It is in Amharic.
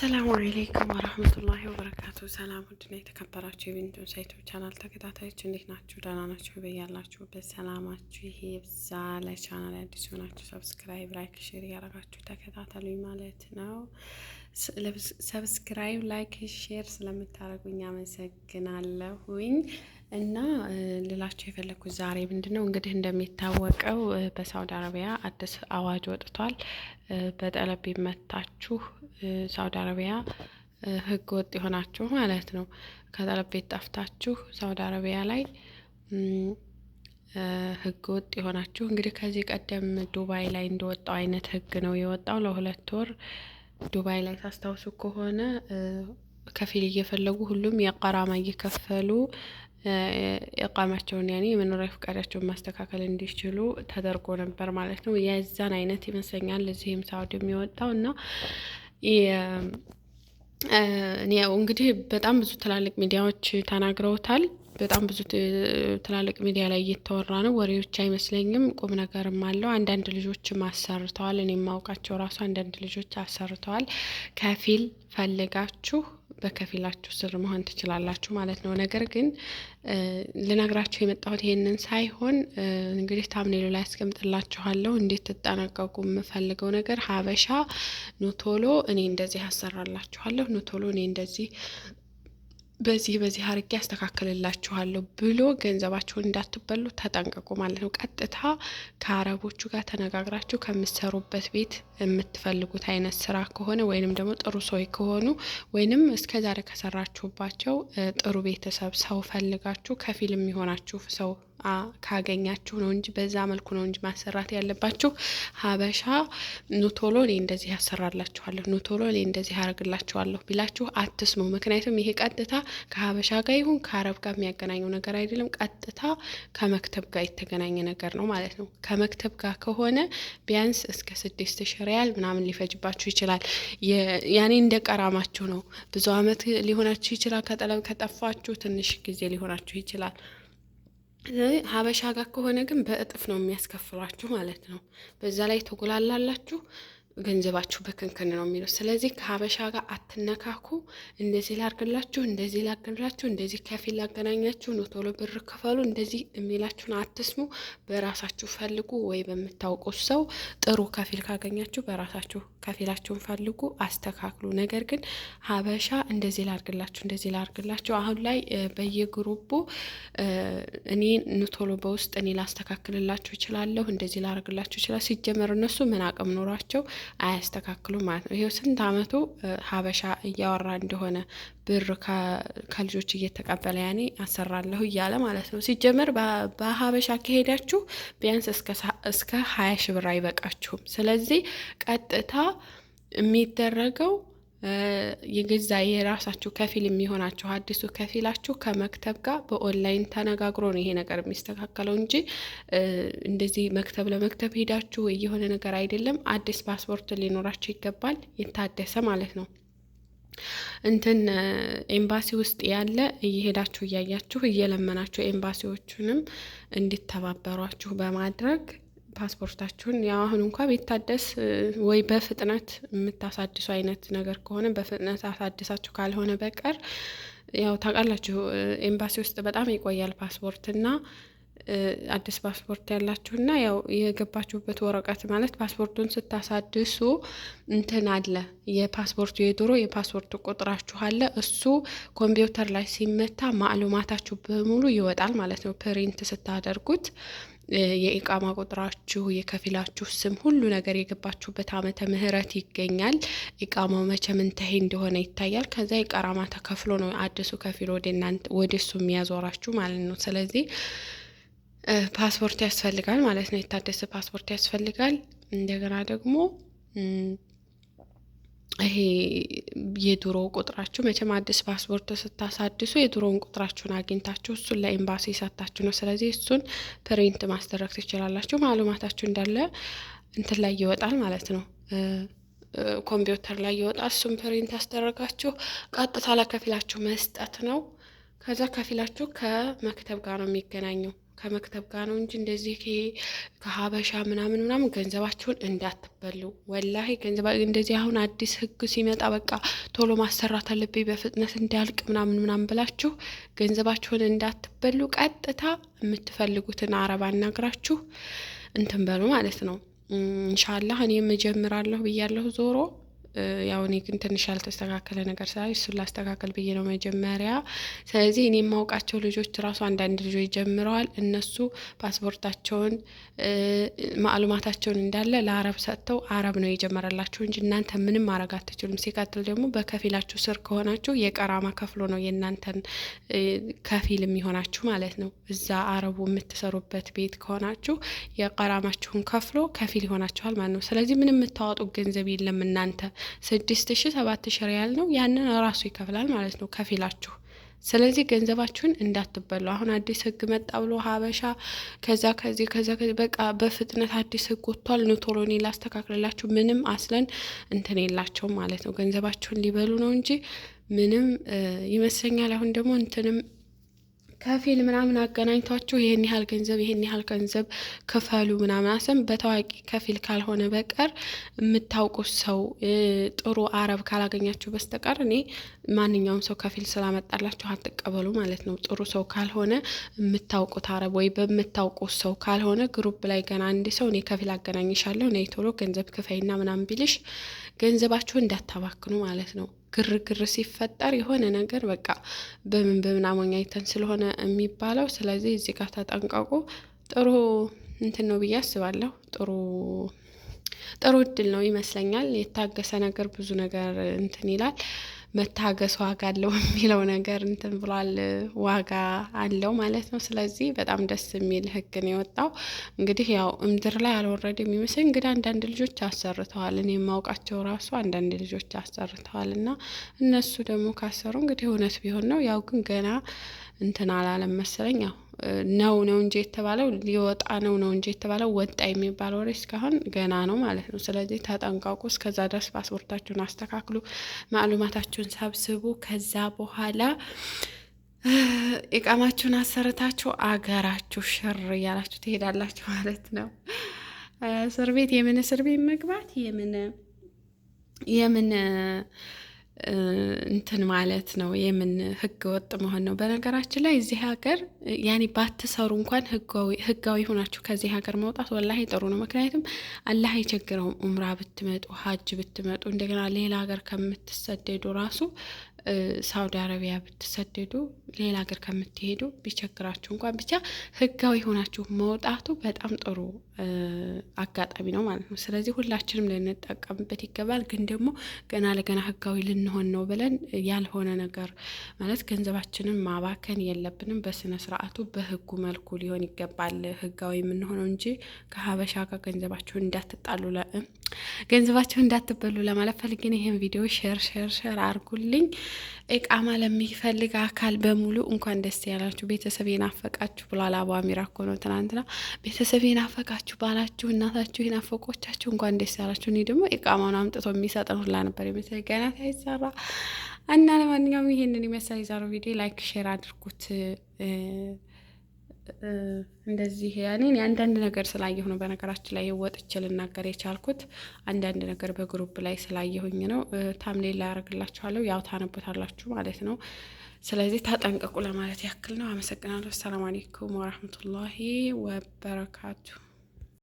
ሰላሙ አለይኩም ወረህመቱላሂ ወበረካቱ። ሰላም ውድና የተከበራችሁ የቢንቱን ሳይቶች ቻናል ተከታታዮች እንዴት ናችሁ? ደህና ናችሁ? በያላችሁ በሰላማችሁ ይሄ ብዛ። ለቻናል አዲስ ሆናችሁ ሰብስክራይብ፣ ላይክ፣ ሼር እያደረጋችሁ ተከታተሉኝ ማለት ነው። ሰብስክራይብ፣ ላይክ፣ ሼር ስለምታደርጉኝ አመሰግናለሁኝ። እና ልላቸው የፈለግኩት ዛሬ ምንድነው እንግዲህ እንደሚታወቀው በሳውዲ አረቢያ አዲስ አዋጅ ወጥቷል። በጠለብ መታችሁ ሳውዲ አረቢያ ህግ ወጥ የሆናችሁ ማለት ነው። ከጠለብ ቤት ጠፍታችሁ ሳውዲ አረቢያ ላይ ህግ ወጥ የሆናችሁ እንግዲህ ከዚህ ቀደም ዱባይ ላይ እንደወጣው አይነት ህግ ነው የወጣው ለሁለት ወር ዱባይ ላይ ታስታውሱ ከሆነ ከፊል እየፈለጉ ሁሉም የቀራማ እየከፈሉ እቃማቸውን ያኔ የመኖሪያ ፈቃዳቸውን ማስተካከል እንዲችሉ ተደርጎ ነበር ማለት ነው። የዛን አይነት ይመስለኛል እዚህም ሳውድ የሚወጣው እና እንግዲህ በጣም ብዙ ትላልቅ ሚዲያዎች ተናግረውታል። በጣም ብዙ ትላልቅ ሚዲያ ላይ እየተወራ ነው። ወሬ ብቻ አይመስለኝም፣ ቁም ነገርም አለው። አንዳንድ ልጆችም አሰርተዋል። እኔ የማውቃቸው ራሱ አንዳንድ ልጆች አሰርተዋል። ከፊል ፈልጋችሁ በከፊላችሁ ስር መሆን ትችላላችሁ ማለት ነው። ነገር ግን ልነግራችሁ የመጣሁት ይሄንን ሳይሆን እንግዲህ ታምኔሉ ላይ አስቀምጥላችኋለሁ። እንዴት ትጠነቀቁ የምፈልገው ነገር ሀበሻ ኑቶሎ እኔ እንደዚህ አሰራላችኋለሁ። ኑቶሎ እኔ እንደዚህ በዚህ በዚህ አርጌ ያስተካከልላችኋለሁ ብሎ ገንዘባችሁን እንዳትበሉ ተጠንቀቁ ማለት ነው። ቀጥታ ከአረቦቹ ጋር ተነጋግራችሁ ከምትሰሩበት ቤት የምትፈልጉት አይነት ስራ ከሆነ ወይንም ደግሞ ጥሩ ሰው ከሆኑ ወይንም ዛሬ ከሰራችሁባቸው ጥሩ ቤተሰብ ሰው ፈልጋችሁ ከፊል የሚሆናችሁ ሰው ካገኛችሁ ነው እንጂ በዛ መልኩ ነው እንጂ ማሰራት ያለባችሁ። ሀበሻ ኑቶሎ እኔ እንደዚህ ያሰራላችኋለሁ፣ ኑቶሎ እኔ እንደዚህ ያደርግላችኋለሁ ቢላችሁ አትስሙ። ምክንያቱም ይሄ ቀጥታ ከሀበሻ ጋር ይሁን ከአረብ ጋር የሚያገናኘው ነገር አይደለም። ቀጥታ ከመክተብ ጋር የተገናኘ ነገር ነው ማለት ነው። ከመክተብ ጋር ከሆነ ቢያንስ እስከ ስድስት ሺ ሪያል ምናምን ሊፈጅባችሁ ይችላል። ያኔ እንደ ቀራማችሁ ነው። ብዙ አመት ሊሆናችሁ ይችላል። ከጠለብ ከጠፋችሁ ትንሽ ጊዜ ሊሆናችሁ ይችላል። ሀበሻ ጋር ከሆነ ግን በእጥፍ ነው የሚያስከፍሏችሁ ማለት ነው። በዛ ላይ ተጎላላላችሁ። ገንዘባችሁ በክንክን ነው የሚለው። ስለዚህ ከሀበሻ ጋር አትነካኩ። እንደዚህ ላርግላችሁ፣ እንደዚህ ላገናኛችሁ፣ እንደዚህ ከፊል ላገናኛችሁ ነው፣ ቶሎ ብር ክፈሉ፣ እንደዚህ የሚላችሁን አትስሙ። በራሳችሁ ፈልጉ፣ ወይ በምታውቁት ሰው ጥሩ ከፊል ካገኛችሁ በራሳችሁ ከፊላችሁን ፈልጉ፣ አስተካክሉ። ነገር ግን ሀበሻ እንደዚህ ላርግላችሁ፣ እንደዚህ ላርግላችሁ። አሁን ላይ በየግሩቡ እኔ ቶሎ በውስጥ እኔ ላስተካክልላችሁ ይችላለሁ፣ እንደዚህ ላርግላችሁ ይችላል። ሲጀመር እነሱ ምን አቅም ኖሯቸው አያስተካክሉም ማለት ነው። ይሄው ስንት አመቱ ሀበሻ እያወራ እንደሆነ ብር ከልጆች እየተቀበለ ያኔ አሰራለሁ እያለ ማለት ነው። ሲጀመር በሀበሻ ከሄዳችሁ ቢያንስ እስከ ሀያ ሺ ብር አይበቃችሁም። ስለዚህ ቀጥታ የሚደረገው የገዛ የራሳችሁ ከፊል የሚሆናችሁ አዲሱ ከፊላችሁ ከመክተብ ጋር በኦንላይን ተነጋግሮ ነው ይሄ ነገር የሚስተካከለው እንጂ እንደዚህ መክተብ ለመክተብ ሄዳችሁ የሆነ ነገር አይደለም። አዲስ ፓስፖርት ሊኖራችሁ ይገባል፣ የታደሰ ማለት ነው። እንትን ኤምባሲ ውስጥ ያለ እየሄዳችሁ እያያችሁ እየለመናችሁ ኤምባሲዎቹንም እንዲተባበሯችሁ በማድረግ ፓስፖርታችሁን ያው አሁን እንኳ ቢታደስ ወይ በፍጥነት የምታሳድሱ አይነት ነገር ከሆነ በፍጥነት አሳድሳችሁ ካልሆነ በቀር ያው ታውቃላችሁ ኤምባሲ ውስጥ በጣም ይቆያል ፓስፖርት እና አዲስ ፓስፖርት ያላችሁና ያው የገባችሁበት ወረቀት ማለት ፓስፖርቱን ስታሳድሱ እንትን አለ የፓስፖርቱ የድሮ የፓስፖርት ቁጥራችሁ አለ። እሱ ኮምፒውተር ላይ ሲመታ ማዕሉማታችሁ በሙሉ ይወጣል ማለት ነው ፕሪንት ስታደርጉት የኢቃማ ቁጥራችሁ፣ የከፊላችሁ ስም፣ ሁሉ ነገር የገባችሁበት አመተ ምህረት ይገኛል። ኢቃማው መቼ ምን እንደሆነ ይታያል። ከዛ የቀራማ ተከፍሎ ነው አዲሱ ከፊል ወደ እናንተ ወደ እሱ የሚያዞራችሁ ማለት ነው። ስለዚህ ፓስፖርት ያስፈልጋል ማለት ነው። የታደሰ ፓስፖርት ያስፈልጋል። እንደገና ደግሞ ይሄ የድሮ ቁጥራችሁ መቼም አዲስ ፓስፖርት ስታሳድሱ የድሮውን ቁጥራችሁን አግኝታችሁ እሱን ለኤምባሲ ሰታችሁ ነው። ስለዚህ እሱን ፕሪንት ማስደረግ ትችላላችሁ። ማሉማታችሁ እንዳለ እንትን ላይ ይወጣል ማለት ነው፣ ኮምፒውተር ላይ ይወጣል። እሱን ፕሪንት አስደረጋችሁ ቀጥታ ለከፊላችሁ መስጠት ነው። ከዛ ከፊላችሁ ከመክተብ ጋር ነው የሚገናኘው። ከመክተብ ጋር ነው እንጂ እንደዚህ ከሀበሻ ምናምን ምናምን ገንዘባቸውን እንዳትበሉ። ወላሂ ገንዘባ እንደዚህ አሁን አዲስ ህግ ሲመጣ በቃ ቶሎ ማሰራት አለብኝ በፍጥነት እንዲያልቅ ምናምን ምናምን ብላችሁ ገንዘባችሁን እንዳትበሉ። ቀጥታ የምትፈልጉትን አረብ አናግራችሁ እንትን በሉ ማለት ነው። እንሻላህ እኔም እጀምራለሁ ብያለሁ ዞሮ ያው እኔ ግን ትንሽ ያልተስተካከለ ነገር ስላለ እሱን ላስተካከል ብዬ ነው መጀመሪያ። ስለዚህ እኔ የማውቃቸው ልጆች ራሱ አንዳንድ ልጆች ጀምረዋል። እነሱ ፓስፖርታቸውን ማዕሉማታቸውን እንዳለ ለአረብ ሰጥተው አረብ ነው የጀመረላቸው እንጂ እናንተ ምንም ማድረግ አትችሉም። ሲቀጥል ደግሞ በከፊላችሁ ስር ከሆናችሁ የቀራማ ከፍሎ ነው የእናንተን ከፊል የሚሆናችሁ ማለት ነው። እዛ አረቡ የምትሰሩበት ቤት ከሆናችሁ የቀራማችሁን ከፍሎ ከፊል ይሆናችኋል ማለት ነው። ስለዚህ ምንም የምታወጡ ገንዘብ የለም እናንተ ስድስት ሺ ሰባት ሺ ሪያል ነው። ያንን ራሱ ይከፍላል ማለት ነው ከፊላችሁ። ስለዚህ ገንዘባችሁን እንዳትበሉ። አሁን አዲስ ህግ መጣ ብሎ ሀበሻ ከዛ ከዚህ ከዛ በቃ በፍጥነት አዲስ ህግ ወጥቷል፣ ኑ ላስተካክልላችሁ። ምንም አስለን እንትን የላቸውም ማለት ነው። ገንዘባችሁን ሊበሉ ነው እንጂ ምንም ይመስለኛል። አሁን ደግሞ እንትንም ከፊል ምናምን አገናኝቷችሁ ይህን ያህል ገንዘብ ይህን ያህል ገንዘብ ክፈሉ ምናምን አሰም በታዋቂ ከፊል ካልሆነ በቀር የምታውቁት ሰው ጥሩ አረብ ካላገኛችሁ በስተቀር እኔ ማንኛውም ሰው ከፊል ስላመጣላችሁ አትቀበሉ ማለት ነው። ጥሩ ሰው ካልሆነ የምታውቁት አረብ ወይ በምታውቁት ሰው ካልሆነ ግሩፕ ላይ ገና አንድ ሰው እኔ ከፊል አገናኝሻለሁ እኔ ቶሎ ገንዘብ ክፈይና ምናምን ቢልሽ ገንዘባችሁ እንዳታባክኑ ማለት ነው። ግርግር ሲፈጠር የሆነ ነገር በቃ በምን በምን አሞኛ አይተን ስለሆነ የሚባለው። ስለዚህ እዚህ ጋር ተጠንቀቁ። ጥሩ እንትን ነው ብዬ አስባለሁ። ጥሩ ጥሩ እድል ነው ይመስለኛል። የታገሰ ነገር ብዙ ነገር እንትን ይላል። መታገስ ዋጋ አለው የሚለው ነገር እንትን ብሏል፣ ዋጋ አለው ማለት ነው። ስለዚህ በጣም ደስ የሚል ህግ ነው የወጣው። እንግዲህ ያው ምድር ላይ አልወረድ የሚመስል እንግዲህ አንዳንድ ልጆች አሰርተዋል። እኔ የማውቃቸው ራሱ አንዳንድ ልጆች አሰርተዋል እና እነሱ ደግሞ ካሰሩ እንግዲህ እውነት ቢሆን ነው ያው ግን ገና እንትን አላለም መሰለኝ። ያው ነው ነው እንጂ የተባለው ሊወጣ ነው ነው እንጂ የተባለው ወጣ የሚባል ወሬ እስካሁን ገና ነው ማለት ነው። ስለዚህ ተጠንቀቁ። እስከዛ ድረስ ፓስፖርታችሁን አስተካክሉ፣ ማዕሉማታችሁን ሰብስቡ። ከዛ በኋላ ኢቃማችሁን አሰርታችሁ አገራችሁ ሽር እያላችሁ ትሄዳላችሁ ማለት ነው። እስር ቤት የምን እስር ቤት መግባት የምን የምን እንትን ማለት ነው የምን ህገ ወጥ መሆን ነው። በነገራችን ላይ እዚህ ሀገር ያኔ ባትሰሩ እንኳን ህጋዊ ሆናችሁ ከዚህ ሀገር መውጣት ወላሂ ጥሩ ነው። ምክንያቱም አላህ የቸግረው ኡምራ ብትመጡ ሀጅ ብትመጡ እንደገና ሌላ ሀገር ከምትሰደዱ ራሱ ሳውዲ አረቢያ ብትሰደዱ ሌላ ሀገር ከምትሄዱ ቢቸግራችሁ እንኳን ብቻ ህጋዊ ሆናችሁ መውጣቱ በጣም ጥሩ አጋጣሚ ነው ማለት ነው። ስለዚህ ሁላችንም ልንጠቀምበት ይገባል። ግን ደግሞ ገና ለገና ህጋዊ ልንሆን ነው ብለን ያልሆነ ነገር ማለት ገንዘባችንን ማባከን የለብንም። በስነ ስርዓቱ በህጉ መልኩ ሊሆን ይገባል ህጋዊ የምንሆነው እንጂ ከሀበሻ ጋር ገንዘባችሁን እንዳትጣሉ ገንዘባችሁን እንዳትበሉ ለማለት ይህን ቪዲዮ ሼር ሼር ሼር አርጉልኝ። እቃማ ለሚፈልግ አካል በሙሉ እንኳን ደስ ያላችሁ። ቤተሰብ የናፈቃችሁ ብሏል አቡ አሚራ እኮ ነው ትናንትና። ቤተሰብ የናፈቃችሁ ባላችሁ፣ እናታችሁ የናፈቆቻችሁ እንኳን ደስ ያላችሁ። እኔ ደግሞ እቃማውን አምጥቶ የሚሰጠን ሁላ ነበር የመሰለኝ ገና ሳይሰራ እና ለማንኛውም ይሄንን ይመስላል የዛሬው ቪዲዮ። ላይክ ሼር አድርጉት። እንደዚህ ያኔን የአንዳንድ ነገር ስላየሁ ነው። በነገራችን ላይ ወጥቼ ልናገር የቻልኩት አንዳንድ ነገር በግሩፕ ላይ ስላየሁኝ ነው። ታምሌላ ያደርግላችኋለሁ፣ ያው ታነቡታላችሁ ማለት ነው። ስለዚህ ታጠንቀቁ ለማለት ያክል ነው። አመሰግናለሁ። አሰላሙ አሌይኩም ወረህመቱላሂ ወበረካቱሁ።